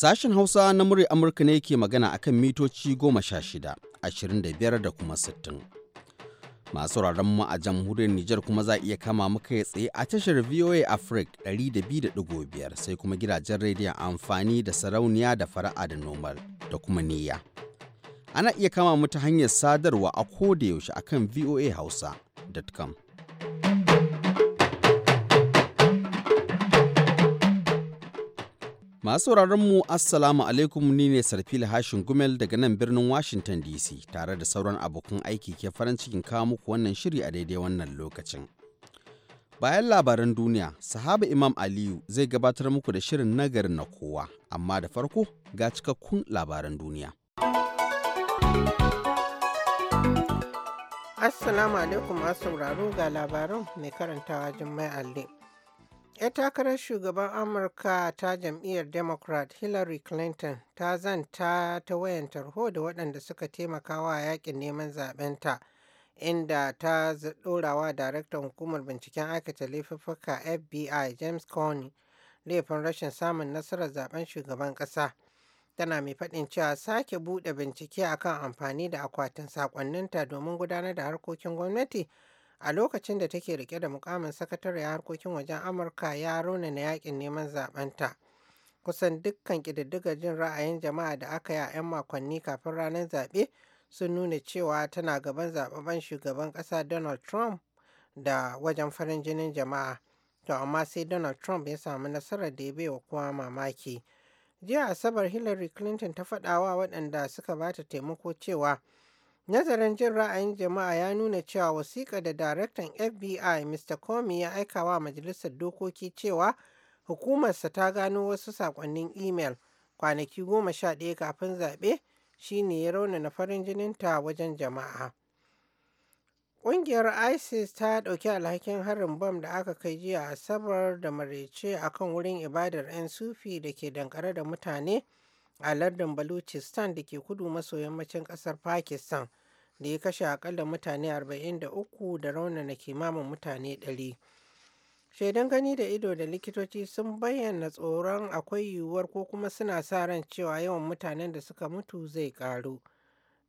Sashen Hausa na murya Amurka ne ke magana akan mitoci goma sha shida, ashirin da biyar da kuma sittin. Masu mu a jamhuriyar Nijar kuma za iya kama muka ya tsaye a tashar VOA Africa 200.5 sai kuma gidajen rediyon amfani da sarauniya da fara'a da nomal da kuma niyya. Ana iya kama mu ta hanyar sadarwa a koda yaushe akan Hausa.com. Masu mu Assalamu alaikum ni ne Sarfila Hashin Gumel daga nan birnin Washington DC tare da sauran abokan aiki ke farin cikin kawo muku wannan shiri a daidai wannan lokacin. Bayan labaran duniya, sahaba Imam Aliyu zai gabatar muku da shirin nagarin na kowa, amma da farko ga cikakkun labaran duniya. Assalamu alaikum masu sauraro ga labaran mai karantawa Jummai Alli. 'Yar takarar shugaban Amurka ta jam'iyyar Democrat Hillary Clinton ta zanta ta wayan tarho da waɗanda suka taimaka wa yakin neman zaɓenta, inda ta ɗorawa daraktan hukumar binciken aikata laifuffuka FBI James coney laifin rashin samun nasarar zaben shugaban ƙasa. Tana mai faɗin cewa sake buɗe bincike akan amfani da akwatin saƙonninta domin gudanar da harkokin gwamnati a lokacin da take rike da mukamin sakatare harkokin wajen amurka ya na yakin neman zaɓenta kusan dukkan kididdigar jin ra'ayin jama'a da aka yi a 'yan makonni kafin ranar zaɓe sun nuna cewa tana gaban zababen shugaban ƙasa donald trump da wajen farin jinin jama'a to amma sai donald trump ya samu nasarar da ya baiwa kowa mamaki jiya asabar hillary clinton ta faɗawa waɗanda suka bata taimako cewa Nazarin jin ra'ayin jama'a ya nuna cewa wasiƙa da Daraktan FBI Mr. Comey ya aika wa Majalisar Dokoki cewa hukumarsa ta gano wasu saƙonnin imel kwanaki goma sha ɗaya kafin zaɓe shi ne ya rauna na farin jininta wajen jama'a. Ƙungiyar ISIS ta ɗauki alhakin harin bom da aka kai jiya a Asabar da Maraice a kan wurin ibadar 'yan Sufi da ke dankare da mutane a lardin Baluchistan da ke kudu maso yammacin ƙasar Pakistan. da ya kashe akalla mutane 43 da na kimamin mutane 100. Shaidan gani da ido da likitoci sun bayyana tsoron akwai yiwuwar ko kuma suna sa ran cewa yawan mutanen da suka mutu zai karu.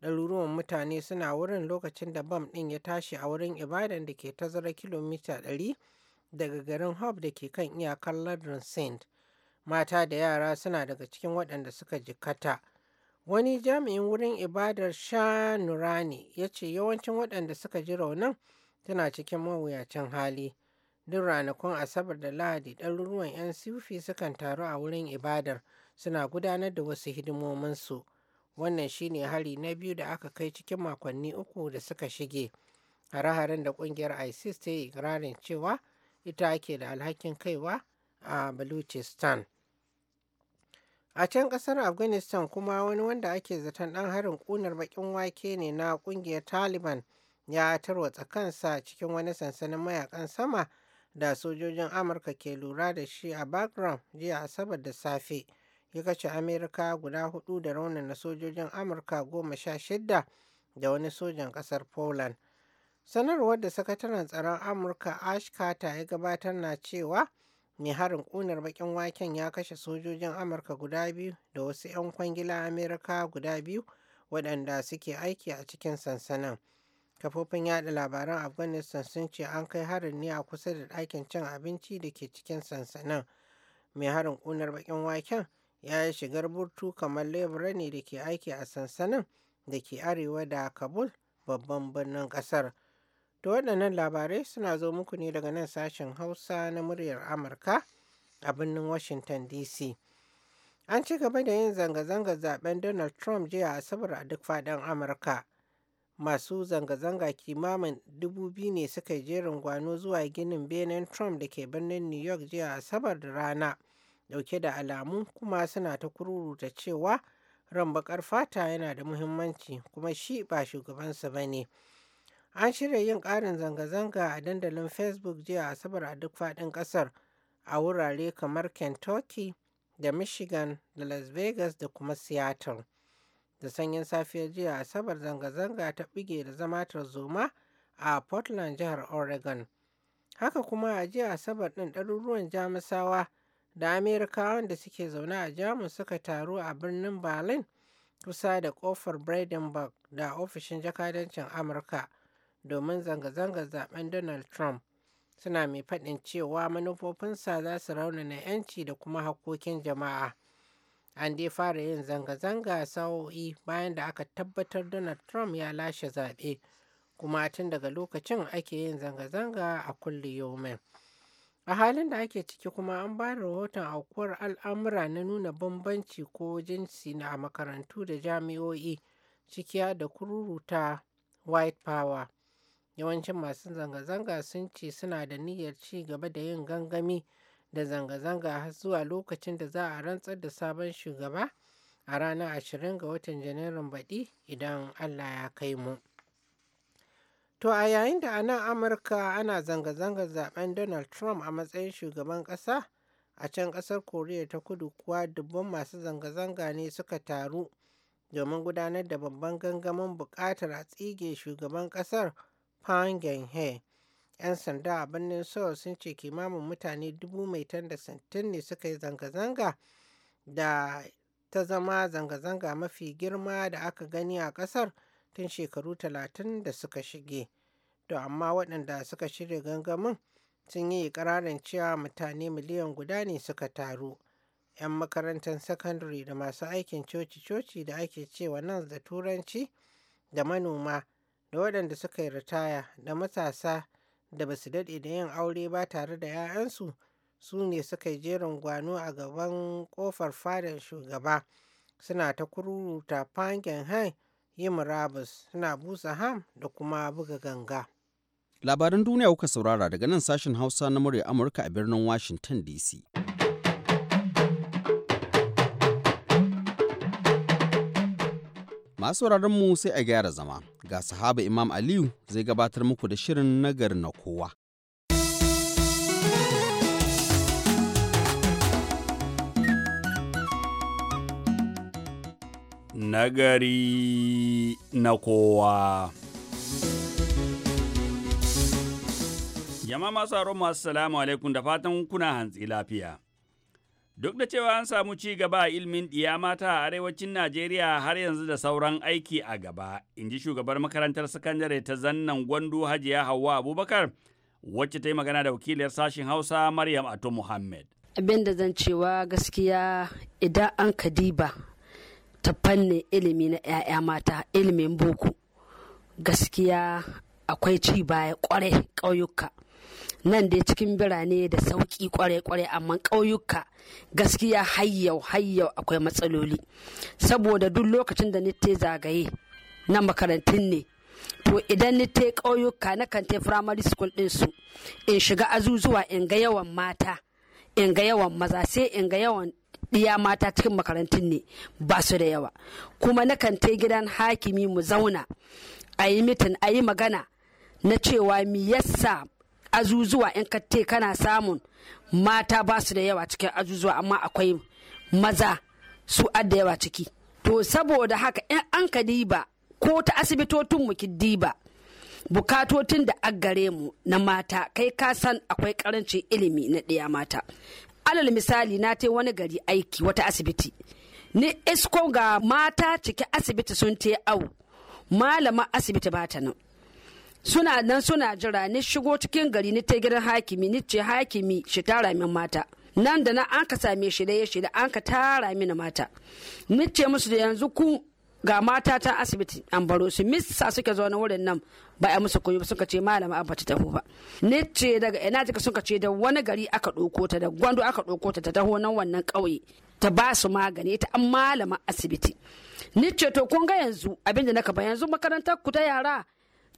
Ɗaruruwan mutane suna wurin lokacin da bam ɗin ya tashi a wurin ibadan da ke tazara kilomita 100 daga garin hub da ke kan iyakar ladron Saint. Mata da yara suna daga cikin waɗanda suka jikkata. Wani jami'in wurin ibadar sha Nurani ya ce yawancin waɗanda suka ji raunin tana cikin mawuyacin hali. Duk ranakun Asabar da Lahadi ɗaruruwan 'yan Sufi sukan taru a wurin ibadar suna gudanar da wasu hidimominsu. Wannan shine hari na biyu da aka kai cikin makonni uku da suka shige. Hare-haren da ƙungiyar ISIS ta yi ikirarin cewa ita ake da alhakin kaiwa a Baluchistan. A can kasar Afghanistan kuma wani wanda ake zaton ɗan harin ƙunar baƙin wake ne na ƙungiyar Taliban ya tarwatsa kansa cikin wani sansanin mayakan sama da sojojin Amurka ke lura da shi a Bagram jiya Asabar da safe. Ya kace Amerika guda hudu da na sojojin Amurka goma sha shidda da wani sojan ƙasar Poland. Sanarwar da sakataren tsaron Amurka Ash Carter ya gabatar na cewa mai harin ƙunar baƙin waken ya kashe sojojin amurka guda biyu da wasu 'yan kwangila amerika guda biyu waɗanda suke aiki a cikin sansanin kafofin yada labaran afghanistan sun ce an kai harin ne a kusa da ɗakin cin abinci da ke cikin sansanin mai harin ƙunar bakin waken ya yi shigar burtu kamar lebura ne da ke aiki a sansanin da ke arewa da kabul babban birnin ƙasar Da waɗannan labarai suna zo muku ne daga nan sashen Hausa na muryar Amurka a birnin Washington DC. An ci gaba da yin zanga-zangar zaben Donald Trump jiya Asabar a duk faɗin Amurka. Masu zanga-zanga kimamin dubu biyu ne suka jerin gwano zuwa ginin benin Trump da ke birnin New York jiya Asabar da rana, dauke da alamu kuma suna ta kururuta cewa ran baƙar fata yana da muhimmanci kuma shi ba shugabansu ba ne. An shirya yin ƙarin zanga-zanga a dandalin Facebook jiya Asabar a duk faɗin ƙasar a wurare kamar Kentucky da Michigan da Las Vegas da kuma Seattle. Da sanyin safiyar jiya Asabar zanga-zanga ta bige da zama Zoma a Portland jihar Oregon. Haka kuma a jiya Asabar ɗin ɗaruruwan Jamusawa da Amerikawan da suke zaune a Jamus suka taru a birnin Berlin kusa da ƙofar Brandenburg da ofishin jakadancin Amurka. domin zanga-zangar zaben Donald Trump. Suna mai faɗin cewa manufofinsa za su raunana 'yanci da kuma hakkokin jama'a. An dai fara yin zanga-zanga sa'o'i bayan da aka tabbatar Donald Trump ya lashe zaɓe, kuma tun daga lokacin ake yin zanga-zanga a kulle yomin. A halin da ake ciki kuma an ba da rahoton aukuwar al'amura na nuna bambanci ko jinsi na a makarantu da jami'o'i cikiya da kururuta white power. Yawancin masu zanga-zanga sun ce suna da niyyar ci gaba da yin gangami da zanga-zanga har zuwa lokacin da za a rantsar da sabon shugaba a ranar 20 ga watan Janairun baɗi idan Allah ya kai mu. To a yayin da a nan Amurka ana zanga-zangar zaben Donald Trump a matsayin shugaban ƙasa, a can ƙasar Koriya ta kudu kuwa dubban masu zanga-zanga ne suka taru domin gudanar da babban gangamin buƙatar a tsige shugaban ƙasar Hwang he 'Yan sanda a birnin Seoul sun ce kimamin mutane dubu mai da santin ne suka yi zanga-zanga da ta zama zanga-zanga mafi girma da aka gani a ƙasar tun shekaru talatin da suka shige. To amma waɗanda suka shirya gangamin sun yi ƙirarin cewa mutane miliyan guda ne suka taru. 'Yan makarantar sakandare da masu aikin coci-coci da ake cewa nan da turanci da manoma da waɗanda suka yi ritaya da matasa da ba su daɗe da yin aure ba tare da 'ya'yansu su ne suka yi jerin gwano a gaban kofar fadar shugaba suna ta kururuta fangen hai yi murabus suna busa ham da kuma buga ganga. Labaran duniya kuka saurara daga nan sashen Hausa na murya Amurka a birnin Washington DC. Masu mu sai a gyara zama, ga sahaba Imam Aliyu zai gabatar muku da shirin nagari na kowa. Nagari na kowa. Yama masu masu salamu alaikum da fatan kuna hantsi lafiya. Duk da cewa an samu ci gaba a ilimin ɗiya mata a arewacin Najeriya har yanzu da sauran aiki a gaba, in ji shugabar makarantar sakandare ta zannan gwandu Hajiya Hauwa Abubakar, wacce ta yi magana da wakiliyar sashen Hausa Maryam Ato Muhammad. Abin da zan cewa gaskiya idan an kadiba ta fanni ilimi na 'ya'ya mata ilimin boko gaskiya akwai ci baya kwarai ƙauyuka nan dai cikin birane da sauki kwarai-kwarai amma ƙauyuka gaskiya hayyau hayyau akwai matsaloli saboda duk lokacin da te zagaye na makarantun ne to idan ni kauyuka ƙauyuka na kan te firamare school ɗinsu in shiga azuzuwa in ga yawan mata in ga yawan maza sai in ga yawan ɗiya mata cikin makarantun ne ba su da yawa kuma na kan gidan hakimi mu zauna a yi mitin a yi magana na cewa mi yasa azuzuwa in ka te kana samun mata ba su da yawa cikin azuzuwa amma akwai maza su adda yawa ciki to saboda haka in an ka diba ko ta asibitotin mu diba bukatotin da aggare mu na mata kai ka san akwai karancin ilimi na ɗaya mata alal misali na te wani gari aiki wata asibiti ni isko ga mata ciki asibiti sun te au malama asibiti ba ta nan suna nan suna jira ni shigo cikin gari ni ta gidan hakimi ni ce hakimi shi tara min mata nan da nan an ka same shi da ya shi da an ka tara mini mata ni ce musu da yanzu ku ga mata ta asibiti an baro su missa suke zo na wurin nan ba a musu kuyi suka ce malama an ta taho ba ni ce daga ina jika suka ce da wani gari aka ɗauko ta da gwando aka ɗauko ta ta taho nan wannan ƙauye ta ba su magani ta an malama asibiti ni ce to kun ga yanzu abinda naka ba yanzu makarantar ku ta yara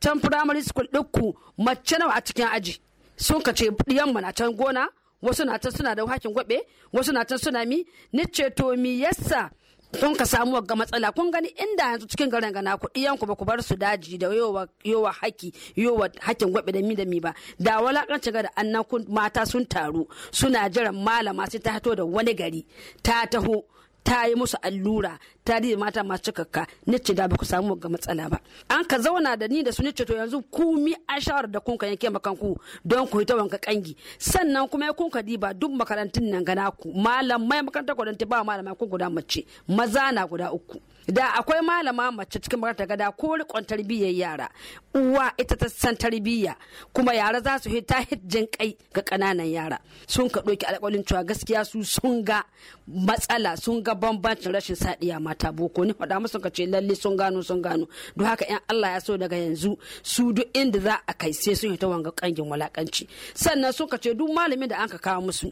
can primary school ɗinku mace nawa a cikin aji sun ka ce yamma na can gona wasu na can suna da hakin gwabe wasu na can suna mi ni ce to mi yasa kun ka samu ga matsala kun gani inda yanzu cikin garin gana ku iyan ku ba ku bar su daji da yowa yowa haki yowa hakin gwabe da mi da mi ba da walakanci ga da annan mata sun taru suna jiran malama sai ta hato da wani gari ta taho ta yi musu allura tarihi mata masu cikakka ni ce da baku samu ga matsala ba an ka zauna da ni da su ni to yanzu ku mi a shawar da kun ka yanke ku don ku ta wanka kangi sannan kuma ya kun ka diba duk makarantun nan gana ku malamai makarantar kwadanta ba malamai ku guda mace maza na guda uku da akwai malama mace cikin makarantar gada ko rikon tarbiyyar yara uwa ita ta san tarbiyya kuma yara za su hita hijjin kai ga kananan yara sun ka ɗauki alƙalin cewa gaskiya su sun ga matsala sun ga bambancin rashin sadiya ma mata boko ne faɗa musu kace lalle sun gano sun gano don haka yan Allah ya so daga yanzu su duk inda za a kai sai sun ta wanga kangin walakanci sannan sun ka ce duk malamin da an ka kawo musu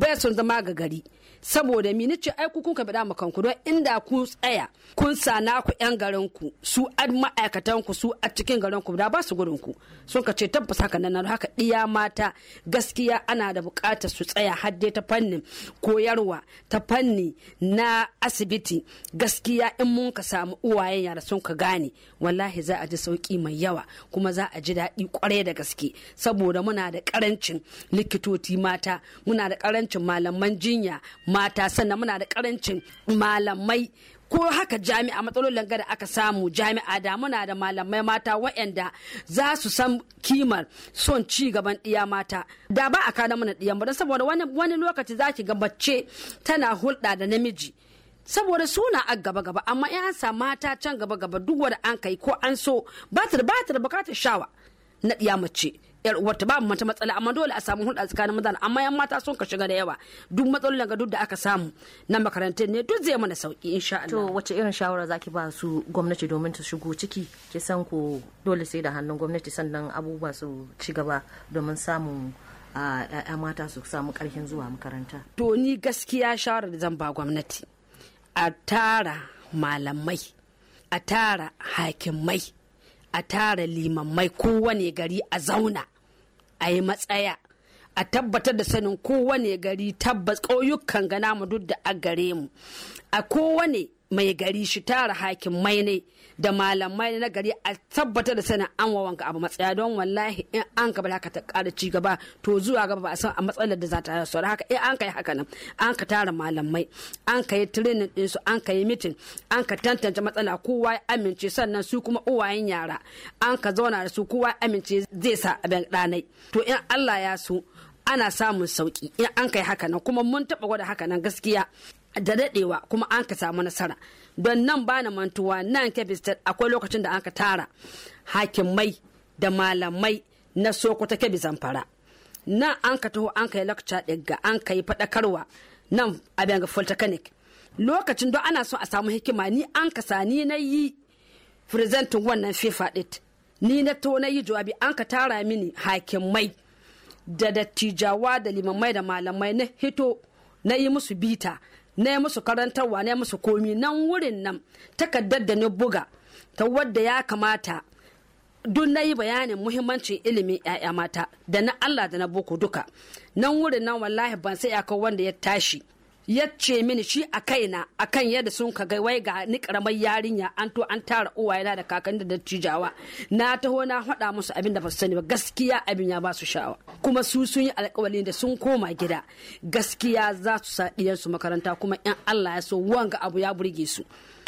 bai sun zama ga gari saboda mi nace ai ku kuka bada makanku don inda ku tsaya kun sana ku yan garin ku su ad ma'aikatan ku su a cikin garin ku da ba su gurin ku sun ka ce tabbas haka nan haka iya mata gaskiya ana da buƙatar su tsaya hadde ta fannin koyarwa ta fanni na asibiti gaskiya in mun ka samu uwayen yara sun ka gane wallahi za a ji sauki mai yawa kuma za a ji daɗi kwarai da gaske saboda muna da karancin likitoci mata muna da karancin malaman jinya mata sannan muna da karancin malamai ko haka jami'a matsalolin da aka samu jami'a da muna da malamai mata waɗanda za su san kimar son ci gaban ɗiya mata da ba a kana mana ɗiyan ba saboda wani lokaci za ki ga mace tana hulɗa da namiji saboda suna a gaba gaba amma in an samu mata can gaba gaba duk wanda an kai ko an so batir batir ba bukatar shawa na ɗiya mace yar uwarta babu mata matsala amma dole a samu hulɗa tsakanin maza amma yan mata sun ka shiga da yawa duk matsalolin ga duk da aka samu na makarantar ne duk zai mana sauki insha Allah to wace irin shawara zaki ba su gwamnati domin ta shigo ciki ki san ko dole sai da hannun gwamnati sannan abubuwa su ci gaba domin samun a mata su samu karfin zuwa makaranta to ni gaskiya shawara da zan ba gwamnati a tara malamai a tara hakimai a tara limammai kowane gari a zauna a yi matsaya a tabbatar da sanin kowane gari tabbas ƙauyukan ganamu duk da a gare mu a kowane mai gari shi tara hakimai ne da malamai na gari a tabbatar da sanin an wa wanka abu matsaya don wallahi in an ka haka ta ƙara ci gaba to zuwa gaba ba a san a matsalar da za ta yi sauran haka in an ka yi haka nan an ka tara malamai an ka yi training ɗinsu an ka yi mitin an ka tantance matsala kowa ya amince sannan su kuma uwayen yara an ka zauna da su kowa ya amince zai sa abin ɗanai to in Allah ya so ana samun sauki in an kai haka nan kuma mun taɓa gwada haka nan gaskiya da daɗewa kuma an ka samu nasara don nan ba na mantuwa nan kebbi akwai lokacin da an ka tara hakimai da malamai na sokoto kebi zamfara nan an ka taho an ka yi lakca ɗigga an ka yi faɗakarwa nan a ga fultakanik lokacin don ana so a samu hikima ni an ka sa ni na yi firizantin wannan fifa ɗit ni na to na yi jawabi an ka tara mini hakimai da dattijawa da limamai da malamai na hito na yi musu bita na musu karantarwa na musu komi nan wurin nan takardar da ni buga ta wadda ya kamata duk na yi bayanin muhimmancin ilimin 'ya'ya mata da na Allah da na boko duka nan wurin nan wallahi ban sai ya wanda ya tashi ya ce mini shi a kaina akan yadda sun ka wai ga ni karamar yarinya an to an tara uwayena da kakanni da dattijawa na taho na faɗa musu abin da ba sani ba gaskiya abin ya ba su sha'awa kuma su sun yi alkawali da sun koma gida gaskiya za su sa su makaranta kuma in Allah ya so wanga abu ya burge su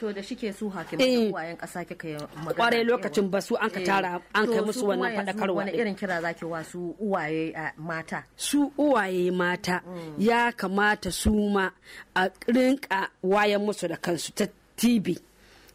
to da shike su hakimai eh, kwayan kasa kika yi magana kwarai lokacin ba su an ka eh, tara an kai musu wannan fadakarwa wani irin kira zaki wa su uwaye mata su uwaye mata mm. ya kamata su ma a rinka wayan musu da kansu ta TV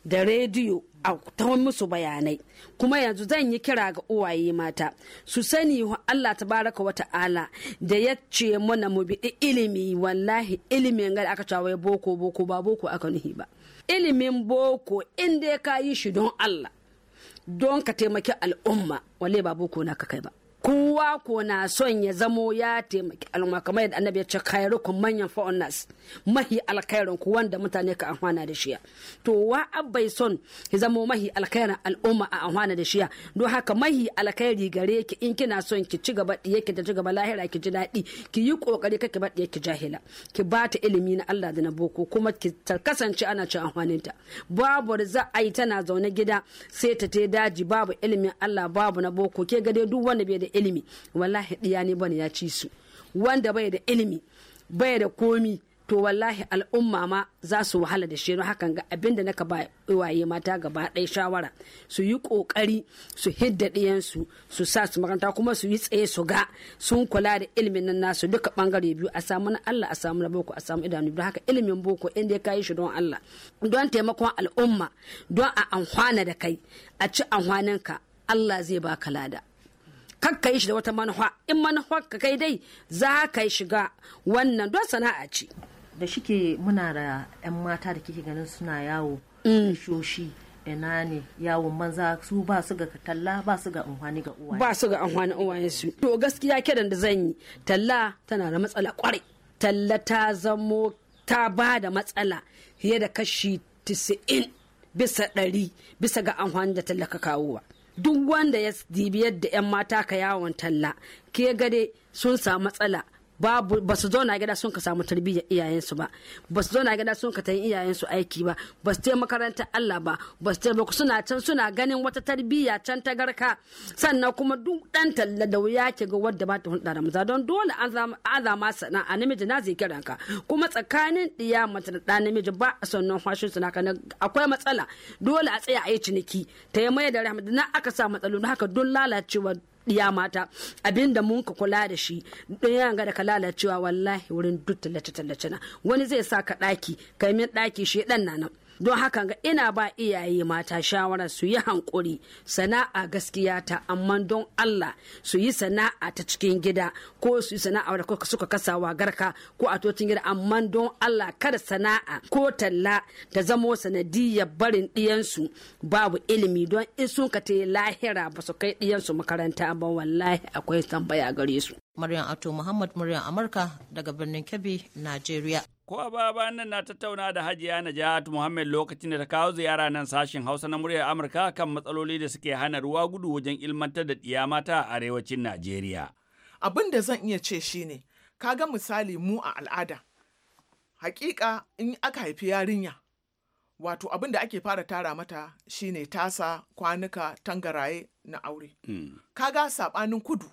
da rediyo a tawon musu bayanai kuma yanzu zan yi kira ga uwaye mata su sani Allah ta baraka wa ta'ala da ya ce mana mu biɗi ilimi wallahi ilimin gari aka cewa boko boko ba boko aka nuhi ba ilimin boko inda ya kayi shi don Allah don ka taimaki al'umma wallahi ba boko na ka kai ba kowa ko na son ya zamo ya taimaki al'umma kamar yadda annabi ya ce khairukum manyan fa'onas mahi alkhairin ku wanda mutane ka amfana da shiya to wa bai son ya zamo mahi alkhairin al'umma a amfana da shiya don haka mahi alkhairi gare ki in kina son ki ci gaba yake da ci gaba lahira ki ji daɗi ki yi kokari kake ba ki jahila ki ba ta ilimi na Allah da na boko kuma ki kasance ana cin amfaninta babu za a yi tana zaune gida sai ta te daji babu ilimin Allah babu na boko ke gade duk wanda bai da ilimi wallahi ɗiya ne bane ya ci su wanda bai da ilimi bai da komi to wallahi al'umma ma za su wahala da shi hakan ga abin da naka ba waye mata gaba ɗaya shawara su yi ƙoƙari su hidda ɗiyansu su sa su makaranta kuma su yi tsaye su ga sun kula da ilimin nan nasu duka ɓangare biyu a samu na Allah a samu na boko a samu idanu biyu haka ilimin boko inda ya kayi shi don Allah don taimakon al'umma don a amfana da kai a ci amfaninka Allah zai baka lada. kakka yi shi da wata manufa in manufa ka kai dai za ka shiga wannan don sana'a ce da shike muna da 'yan mata da kike ganin suna yawo mm. shoshi ina ne yawon maza su ba su ga talla ba su ga amfani ga uwaye ba su ga amfani uwayen su to gaskiya kiran da zan yi talla tana da matsala kwarai talla ta zamo ta ba da matsala fiye da kashi 90 bisa ɗari bisa ga amfani da talla ka kawo duk wanda ya dibi da 'yan mata ka yawon talla ke gade sun samu matsala babu ba su zauna gida sun ka samu tarbiyyar iyayensu ba ba su zauna gida sun ka tayi iyayensu aiki ba ba su makaranta Allah ba ba su taimaka suna can suna ganin wata tarbiyya can ta garka sannan kuma duk dan talla da wuya ke ga wadda ba ta hulɗa da maza don dole aza ma sana'a namiji na zai kiran ka kuma tsakanin diya mace da ɗan namiji ba a sannan fashin suna kana akwai matsala dole a tsaya a yi ciniki ta yi mai da rahama na aka sa matsalolin haka don lalacewa diya mata abin da mun ka kula da shi yan ga da ka lalacewa wallahi wurin duk tallace tallace na wani zai sa ka ɗaki kai min ɗaki shi ɗan nan don haka ga ina ba iyaye mata shawara su yi hankuri sana'a gaskiya ta amma don Allah su yi sana'a ta cikin gida ko su yi sana'a da suka kasawa garka ko a tocin gida amma don Allah kada sana'a ko talla ta zamo sanadiyar barin ɗiyansu babu ilimi don in sun ka lahira ba su kai ɗiyansu makaranta ba wallahi akwai tambaya gare su. Maryam Ato Muhammad muryar Amurka daga birnin Kebbi, Najeriya. Ko a baya bayan nan na tattauna da Hajiya Najat Muhammad lokacin da ta kawo ziyara nan sashen Hausa na muryar Amurka kan matsaloli da suke hana ruwa gudu wajen ilmantar da ɗiya mata a arewacin Najeriya. Abin da zan iya ce shine, kaga misali mu a al'ada. Hakika in aka haifi yarinya, wato abin da ake fara tara mata shine tasa, kwanuka, tangaraye na aure. Hmm. Ka ga saɓanin kudu.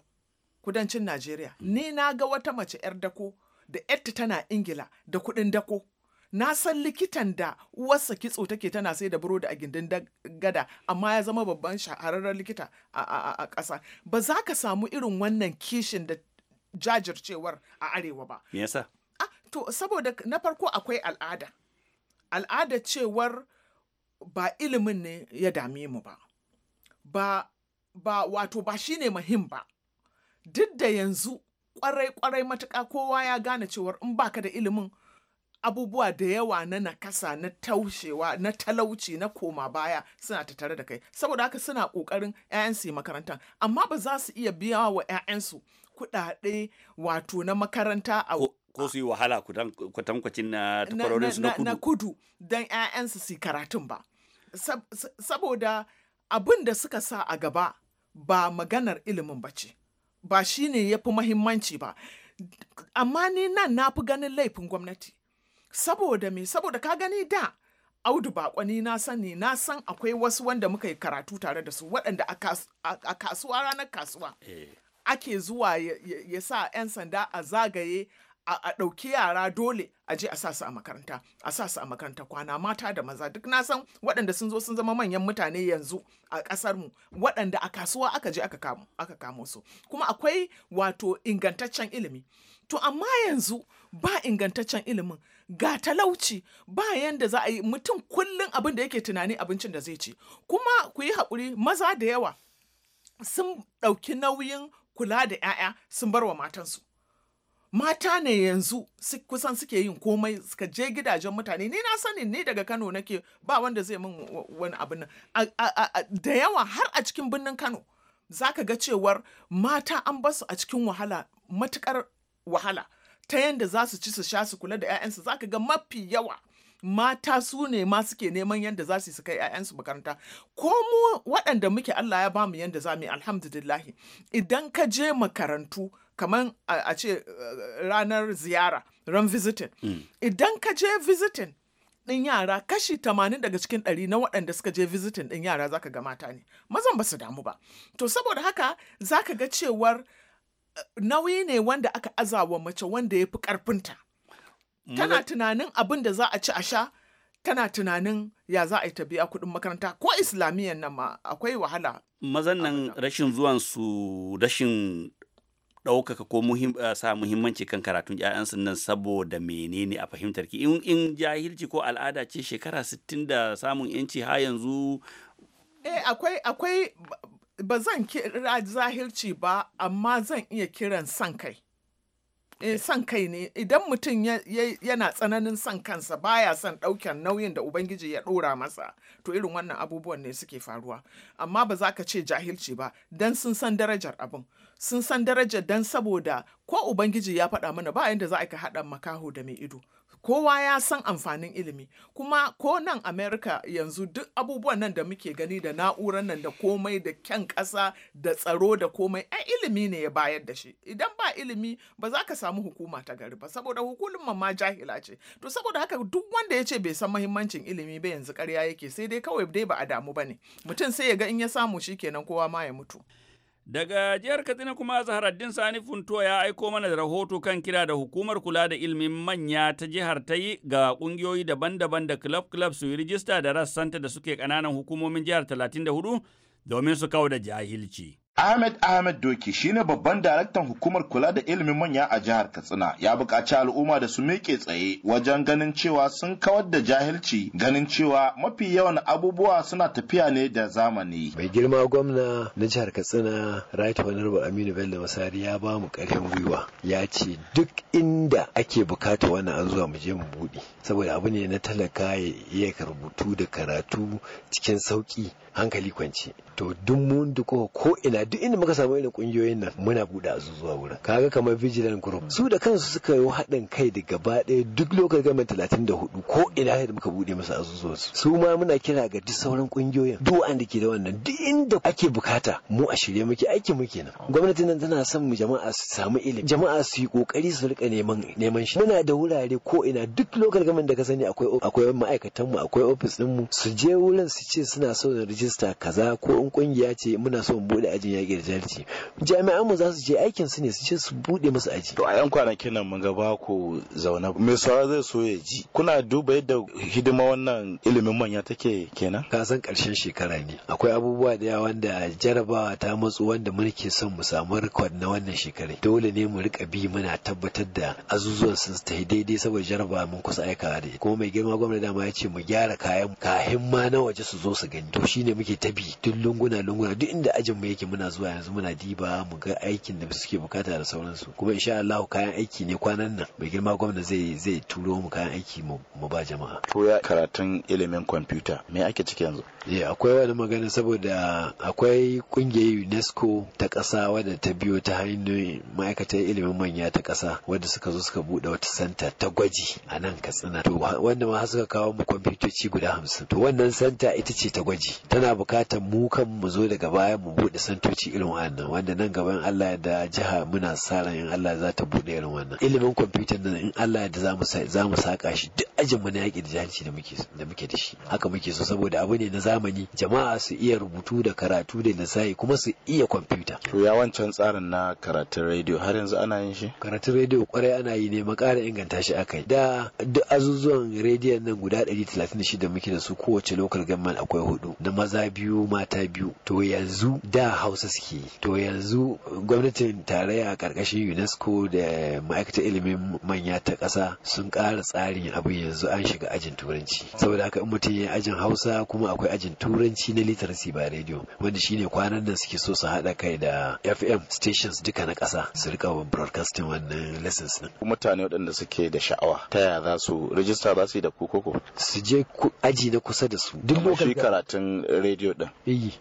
kudancin Najeriya. Ni na ga wata mace 'yar dako da 'yarta tana Ingila da kuɗin dako. Na san likitan da uwarsa kitso take tana sai da burodi a gindin gada, amma ya zama babban shahararren likita a ƙasa. Ba za ka samu irin wannan kishin da jajircewar a arewa ba. Me yasa? Ah, to saboda na farko akwai al'ada. Al'ada cewar ba ilimin ne ya dame mu ba. Ba ba wato ba shine muhim ba. duk da yanzu kwarai-kwarai matuka kowa ya gane cewar in baka da ilimin abubuwa da yawa na nakasa na taushewa na talauci na koma baya suna ta tare da kai saboda haka suna ƙoƙarin 'ya'yansu makarantar amma ba za su iya biya wa 'ya'yansu kuɗaɗe wato na makaranta a ko su yi wahala kwatankwacin na takwarorinsu na, na, kudu don 'ya'yansu su karatun ba saboda abin da suka sa a gaba ba maganar ilimin ba ce ba shi ne ya fi mahimmanci ba amma ni nan na fi ganin laifin gwamnati saboda me saboda ka gani da audu bakwani na sani na san akwai wasu wanda muka yi karatu tare da su waɗanda a kasuwa ranar kasuwa eh. ake zuwa ya sa 'yan sanda a zagaye a ɗauki yara dole a je a sa su a makaranta a sa su a makaranta kwana mata da maza duk na san waɗanda sun zo sun zama manyan mutane yanzu a ƙasar mu waɗanda a kasuwa aka je aka kamo su kuma akwai wato ingantaccen ilimi to amma yanzu ba ingantaccen ilimin ga talauci ba yanda za a yi mutum kullum abin da yake tunani abincin da zai ci kuma ku yi haƙuri maza da yawa sun ɗauki nauyin kula da 'ya'ya sun bar wa matansu mata ne yanzu kusan suke yin komai suka je gidajen mutane ni na sani ni daga kano nake ba wanda zai min wani abin nan da yawa har a cikin birnin kano za ka ga cewar mata an basu a cikin wahala matukar wahala ta yadda za su ci su sha su kula da 'ya'yansu za ka ga mafi yawa mata su ne ma suke neman yadda za su kai 'ya'yansu makaranta ko mu waɗanda muke Allah ya bamu yadda za mu yi alhamdulillahi idan ka je makarantu kamar a ce eh, ranar ziyara ran visiting mm. idan ka je visiting din yara kashi tamanin daga cikin ɗari na waɗanda suka je visiting din yara zaka ga mata ne mazan ba su damu ba to saboda haka zaka ga cewar eh, nauyi ne wanda aka azawa mace wanda ya fi ƙarfinta tana tunanin abin da za a ci a sha tana tunanin ya za a yi ta biya kuɗin makaranta ko islamiyan nan ma akwai wahala mazan nan rashin zuwan su rashin ɗaukaka ko eh, sa muhimmanci kan karatun ‘ya'yansu nan saboda menene a fahimtar ki in jahilci ko al'ada ce shekara sittin da samun yanci ha yanzu eh akwai akwai ba zan kira zahilci ba amma zan iya kiran san kai eh san kai ne idan mutum yana tsananin san kansa baya son ɗaukan nauyin da ubangiji ya ɗora masa to irin wannan abubuwan ne suke faruwa amma ba za ka ce jahilci ba don sun san darajar abin sun san daraja dan saboda ko ubangiji ya faɗa mana ba yadda za a ka haɗa makaho da mai ido kowa ya san amfanin ilimi kuma ko nan amerika yanzu duk abubuwan nan da muke gani da na'urar nan da komai da kyan ƙasa da tsaro da komai ai ilimi ne ya bayar da shi idan ba ilimi ba za ka samu hukuma ta gari ba saboda hukumar ma jahila ce to saboda haka duk wanda ya ce bai san mahimmancin ilimi ba yanzu ƙarya yake sai dai kawai dai ba a damu ba ne mutum sai ya ga in ya samu shi kenan kowa ma ya mutu Daga jihar Katsina kuma Zaharaddin Sani Funto ya aiko mana da rahoto kan kira da hukumar kula da ilimin manya ta jihar ta yi ga kungiyoyi daban-daban da club club su yi rijista da rassanta da suke kananan hukumomin jihar 34 domin su kawo da jahilci. Ahmed Ahmed Doki shine babban daraktan hukumar kula da ilimin manya a jihar Katsina ya buƙaci al'umma da su miƙe tsaye wajen ganin cewa sun kawar da jahilci ganin cewa mafi yawan abubuwa suna tafiya ne da zamani. Mai girma gwamna na jihar Katsina Right Honorable Aminu Bello Masari ya ba mu ƙarfin gwiwa ya ce duk inda ake bukata wani an zuwa mu je mu buɗe saboda abu ne na talaka ya iya rubutu da karatu cikin sauƙi hankali kwance, to duk mun duko ko ina duk inda muka samu irin kungiyoyin nan muna buɗe azuzuwa wurin kaga kamar vigilant group hmm. su da kansu suka yi haɗin kai da gaba ɗaya duk lokacin gama talatin da hudu ko ina da muka buɗe musu azuzuwa su ma muna kira ga duk sauran kungiyoyin duk wanda ke da wannan duk inda ake bukata mu a shirye muke aiki muke nan gwamnatin nan tana son mu jama'a su samu ilimi jama'a su yi kokari su rika neman neman shi muna da wurare ko ina duk lokacin gama da ka sani akwai akwai ma'aikatan mu akwai ofis din mu su je wurin su ce suna so da rijista kaza ko in kungiya ce muna so mu bude ajin yaƙi da jahilci jami'an mu za su je aikin su ne su ce su buɗe musu aji to a yan kwanakin nan mun ga ba ku zauna mai sawa zai so ya ji kuna duba yadda hidima wannan ilimin manya take kenan ka san ƙarshen shekara ne akwai abubuwa da yawa wanda jarabawa ta matsu wanda muke son mu samu rikod na wannan shekarai dole ne mu rika bi muna tabbatar da azuzuwan sun ta daidai saboda jarabawa mun kusa aika da kuma mai girma gwamnati dama ya ce mu gyara kayan kahin ma na waje su zo su gani to shine muke ta bi duk lunguna lunguna duk inda ajin mu yake muna muna zuwa yanzu muna diba mu ga aikin da suke bukata da sauransu kuma insha Allah kayan aiki ne kwanan nan mai girma gwamna zai zai turo mu kayan aiki mu ba jama'a to ya karatun ilimin kwamfuta me ake ciki yanzu eh akwai wani magana saboda akwai kungiyar UNESCO ta kasa wadda ta biyo ta hanyoyin ma'aikatar ilimin manya ta kasa wadda suka zo suka buɗe wata santa ta gwaji a nan Katsina to wanda ma suka kawo mu kwamfutoci guda hamsin to wannan santa ita ce ta gwaji tana bukatar mu kan mu zo daga baya mu buɗe santoci ci irin wannan wanda nan gaban Allah da jiha muna sa ran in Allah za ta bude irin wannan ilimin kwamfutar nan in Allah da za mu za saka shi duk ajin mu na yaƙi da jahilci da muke da muke shi haka muke so saboda abu ne na zamani jama'a su iya rubutu da karatu da lissafi kuma su iya kwamfuta to ya wancan tsarin na karatun rediyo har yanzu ana yin shi karatun rediyo kwarai ana yi ne makara inganta shi akai da duk azuzuwan rediyon nan guda 136 muke da su kowace lokal gamman akwai hudu na maza biyu mata biyu to yanzu da Hausa su suke to yanzu gwamnatin tarayya a ƙarƙashin unesco da ma'aikata ilimin manya ta ƙasa sun ƙara tsarin abu yanzu an shiga ajin turanci saboda haka in mutum ya ajin hausa kuma akwai ajin turanci na literacy ba rediyo wanda shine kwanan nan suke so su haɗa kai da fm stations duka na ƙasa su rika broadcasting wannan lessons din mutane waɗanda suke da sha'awa ta yaya za su register za su yi da ku koko su je aji na kusa da su duk lokacin karatun rediyo din eh,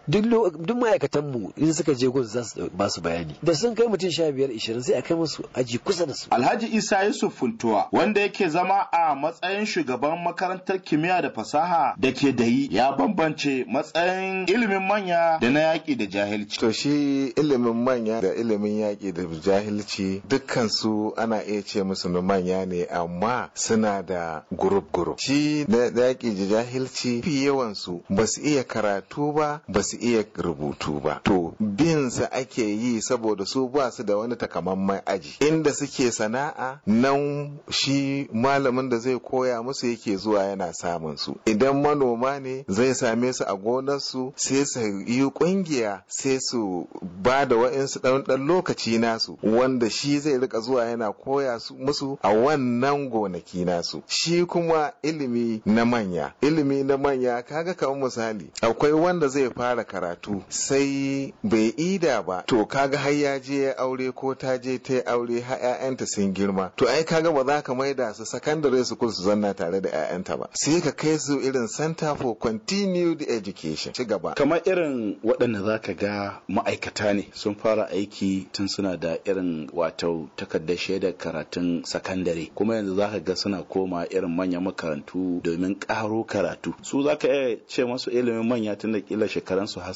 duk ma'aikatan mu in in suka je gudu za su ba su bayani da sun kai mutum sha biyar ishirin sai a kai musu aji kusa da su alhaji isa yusuf funtuwa wanda yake zama a matsayin shugaban makarantar kimiyya da fasaha da ke da yi. ya bambance matsayin ilimin manya da na yaƙi da jahilci to shi ilimin manya da ilimin yaƙi da jahilci dukkan su ana iya ce musu na manya ne amma suna da gurup gurup shi na yaƙi da jahilci fi yawan su ba su iya karatu ba ba su iya rubutu ba to Binsa ake yi saboda su ba su da wani takamamman aji inda suke sana'a nan shi malamin da zai koya musu yake zuwa yana samun su idan manoma ne zai same su a gonarsu sai su yi kungiya sai su ba da wa'insu ɗan lokaci nasu wanda shi zai rika zuwa yana koya musu a wannan gonaki nasu shi kuma ilimi na manya ilimi na manya kaga kamar misali akwai wanda zai fara karatu sai bai ida ba to kaga har ya je ya aure ko ta je ta aure har ƴaƴanta sun girma to ai kaga ba za ka maida su secondary school su zanna tare da ƴaƴanta ba sai ka kai su irin center for continued education ci gaba kamar irin waɗanda za ka ga ma'aikata ne sun fara aiki tun suna da irin wato takardar shaidar karatun sakandare kuma yanzu za ka ga suna koma irin manyan makarantu domin ƙaro karatu su za ka iya ce masu ilimin manya tun da kila shekaransu har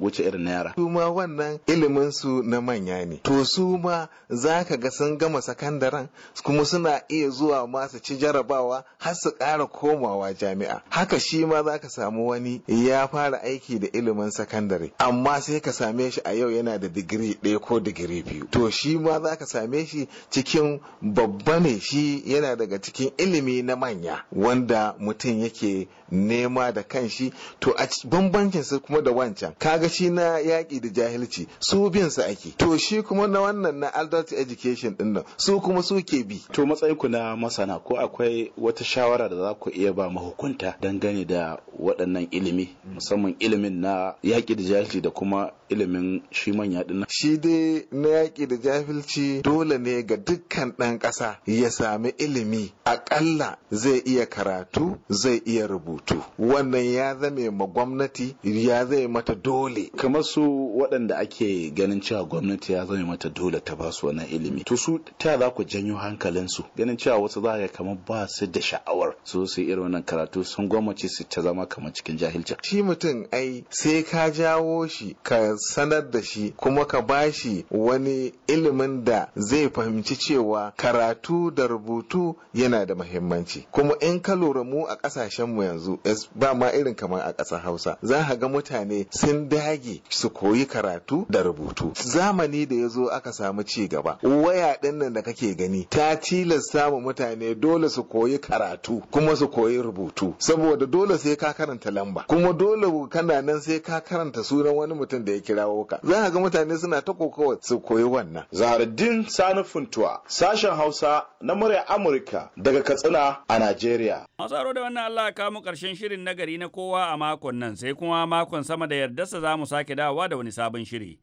wuce irin na yara ma wannan ilimin su na manya ne to su ma za ka ga sun gama sakandaren kuma suna iya zuwa masu ci jarabawa har su ƙara komawa jami'a haka shi ma za ka samu wani ya fara aiki da ilimin sakandare amma sai ka same shi a yau yana da digiri ɗaya ko digiri biyu to shi ma za ka same shi cikin babba ne shi yana daga cikin ilimi na manya wanda mutum yake nema da kanshi to a bambancin su kuma da wancan kaga shi na yaƙi yaƙi da jahilci su bin su ake to shi kuma na wannan na adult education din nan su kuma su ke bi to matsayin ku na masana ko akwai wata shawara da za ku iya ba mahukunta dangane da waɗannan ilimi musamman ilimin na yaƙi da jahilci da kuma ilimin shi manya din shi dai na yaƙi da jahilci dole ne ga dukkan ɗan ƙasa ya sami ilimi aƙalla zai iya karatu zai iya rubutu wannan ya zame ma gwamnati ya zai mata dole kamar su waɗanda ake ganin cewa gwamnati ya zama mata dole ta basu wannan ilimi to su ta za ku janyo hankalinsu ganin cewa wasu za yi kamar ba su da sha'awar su su irin wannan karatu sun gwamnati su ta zama kamar cikin jahilci shi mutum ai sai ka jawo shi ka sanar da shi kuma ka bashi wani ilimin da zai fahimci cewa karatu da rubutu yana da muhimmanci kuma in ka lura mu a ƙasashenmu yanzu ba ma irin kamar a ƙasar hausa za ka ga mutane sun dage su koyi koyi karatu da rubutu zamani da ya zo aka samu ci gaba waya ɗin da kake gani ta tilasta mu mutane dole su koyi karatu kuma su koyi rubutu saboda dole sai ka karanta lamba kuma dole kana nan sai ka karanta sunan wani mutum da ya kirawo ka za ka ga mutane suna ta kokawa su koyi wannan zahardin sani funtuwa sashen hausa na murya amurka daga katsina a najeriya masu da wannan allah ka mu karshen shirin nagari na kowa a makon nan sai kuma makon sama da yarda sa za mu sake dawowa da wani wani sabon shiri.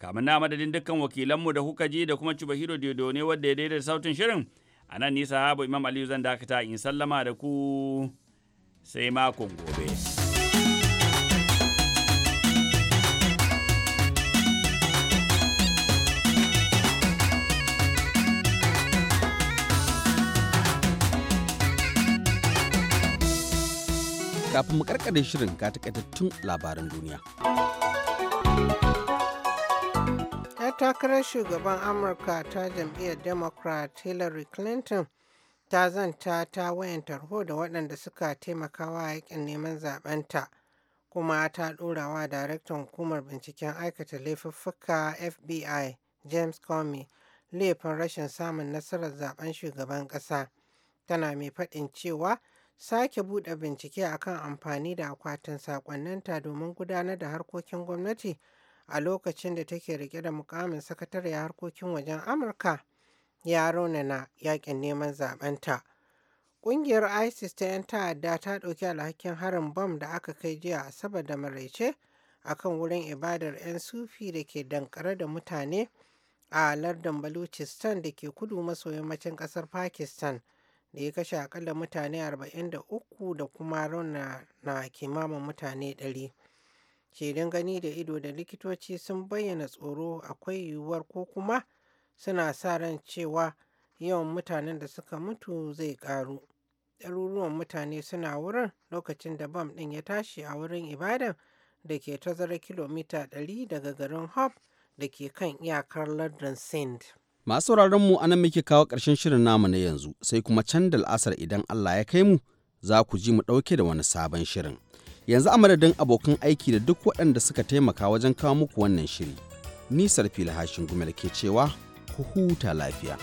kamun na madadin dukkan wakilanmu da kuka ji da kuma Cibahiro Diodo ne wadda ya daidaita sautin shirin. A nan nisa habu Imam Aliyu zan dakata in sallama da ku sai makon gobe. Kafin mu karkare shirin ga takaitattun labaran duniya. ta takarar shugaban amurka ta jam'iyyar democrat hillary clinton ta zanta ta wayan tarho da waɗanda suka taimakawa yakin neman zaɓenta kuma ta ɗorawa daraktan hukumar binciken aikata laifuffuka fbi james comey laifin rashin samun nasarar zaben shugaban ƙasa tana mai faɗin cewa sake buɗe bincike akan amfani da akwatin sakonninta domin gudanar da harkokin gwamnati a lokacin da take rike da mukamin sakatare harkokin wajen amurka ya raunana yakin neman zabenta Ƙungiyar ISIS ta 'yan ta'adda ta ɗauki alhakin harin bom da aka kai jiya a Asabar da maraice a kan wurin ibadar 'yan sufi da ke dankare da mutane a lardin Baluchistan da ke kudu maso yammacin ƙasar Pakistan da ya kashe akalla mutane 43 da kuma rauna na kimamin mutane 100. Shaidun gani da ido da likitoci sun bayyana tsoro akwai yiwuwar ko kuma suna sa ran cewa yawan mutanen da suka mutu zai karu. Ɗaruruwan mutane suna wurin lokacin da bam ɗin ya tashi a wurin ibadan da ke tazara kilomita 100 daga garin Hope da ke kan iyakar lardin sind Masu mu a nan muke kawo ƙarshen shirin namu na yanzu sai kuma can da la'asar idan Allah ya kai mu za ku ji mu ɗauke da wani sabon shirin. Yanzu a madadin abokan aiki da duk waɗanda suka taimaka wajen kawo muku wannan shiri. Nisar fili hashin gumel ke cewa ku huta lafiya.